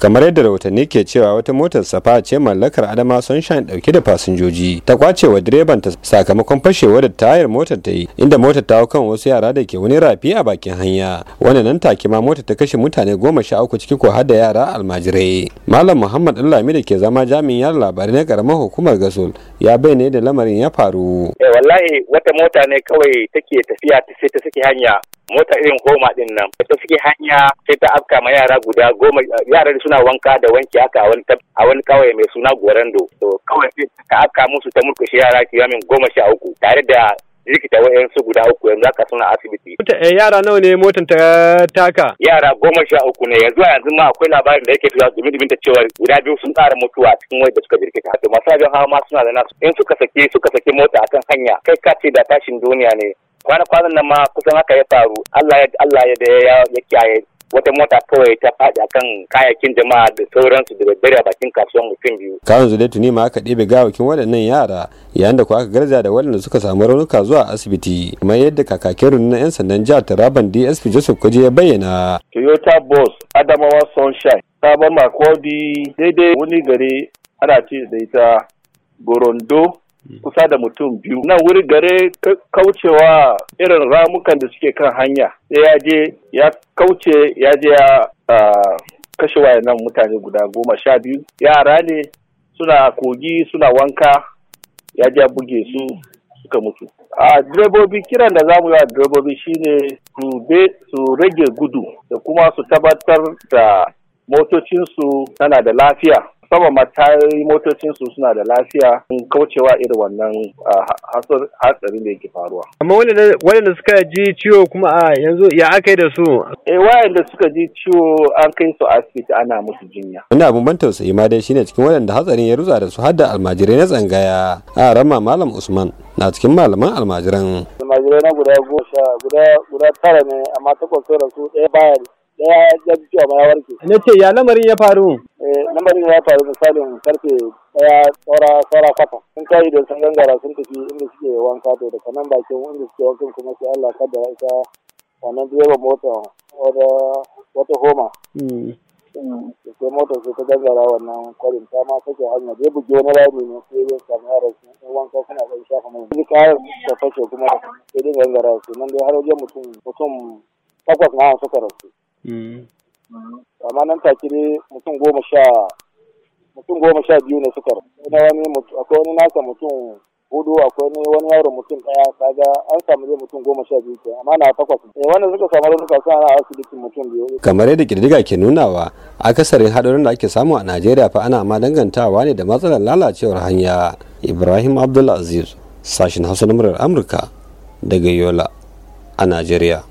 kamar yadda rahotanni ke cewa wata motar safa ce mallakar adama sunshine dauke da fasinjoji ta kwace wa direban ta sakamakon fashewar da tayar motar ta yi inda motar ta kan wasu yara da ke wani rafi a bakin hanya wannan nan take ma motar ta kashe mutane goma sha uku ciki ko har yara almajirai malam muhammad allami da ke zama jami'in yar labarai na karamar hukumar gasol ya bayyana da lamarin ya faru eh, wallahi wata mota ne kawai take tafiya ta sai ta saki hanya mota irin homa din nan ta suke hanya sai ta afka ma yara guda goma yaran suna wanka da wanki haka a wani kawai mai suna gorando to kawai sai ta afka musu ta murkushe yara kiyamin goma sha uku tare da likita wayansu guda uku yanzu haka suna asibiti. Eh, yara nawa ne motan ta taka? Yara goma sha uku ne yanzu a yanzu ma akwai labarin da yake tuwa domin domin ta cewa guda biyu sun tsara mutuwa cikin wayar da suka jirkita. To masu abin hawa ma suna da nasu in suka sake suka sake mota akan hanya kai ka ce da tashin duniya ne. kwana kwanan nan ma kusan haka ya faru Allah Allah ya da ya kiyaye wata mota kawai ta faɗi akan kayakin jama'a da sauransu da daddare a bakin kasuwan mutum biyu. Kawun da tuni ma aka ɗebe gawakin waɗannan yara yayin da kuwa aka garza da waɗanda suka samu raunuka zuwa asibiti kamar yadda kakakin runa 'yan sandan jihar Taraban DSP Joseph Kwaje ya bayyana. Toyota Boss Adamawa Sunshine Sabon Makodi daidai wani gari ana ce da ita Gorondo kusa da mutum biyu nan wuri gare kaucewa irin ramukan da suke kan hanya sai ya je ya kauce ya je ya kashe wayannan mutane guda goma sha biyu yara ne suna kogi suna wanka ya je buge su suka mutu a direbobi kiran da zamu yi a direbobi shine su rage gudu da kuma su tabbatar da motocinsu tana da lafiya sama matayoyi motocin su suna da lafiya in kaucewa irin wannan hatsarin da yake faruwa. Amma waɗanda suka ji ciwo kuma a yanzu ya aka yi da su? E waɗanda suka ji ciwo an kai su asibiti ana musu jinya. Wani abin ban tausayi ma dai shine cikin waɗanda hatsarin ya rusa da su har da almajirai na tsangaya a rama malam Usman na cikin malaman almajiran. Almajirai na guda goma guda guda tara ne amma takwas da su ɗaya bayan ya ji ciwo ma warke. Na ce ya lamarin ya faru? Eh, lambarin ya faru misalin karfe daya tsara tsara kwata sun kai da sun gangara sun tafi inda suke wanka to daga nan bakin inda suke wankin kuma sai Allah kaddara ita wannan direban mota wata wata homa mm. eh, sai mota sai ta gangara wannan kwarin ta ma take hanya zai buge wani rami ne sai ya samu yaran su sai wanka suna ɗan shafa mai duk kayan da fashe kuma sai dai gangara su nan dai har wajen mutum mutum takwas na suka rasu mm. amma nan take ne mutum goma sha mutum goma sha biyu ne suka na wani akwai wani nasa mutum hudu akwai ne wani yaro mutum daya kaga an samu zai mutum goma sha biyu ke amma na takwas ne eh, wanda suka samu raunuka suna na asibitin mutum biyu kamar yadda kirdiga ke nunawa akasarin hadarin da ake samu a najeriya fa ana ma dangantawa ne da matsalar lalacewar hanya ibrahim abdulaziz sashen hausa na murar amurka daga yola a najeriya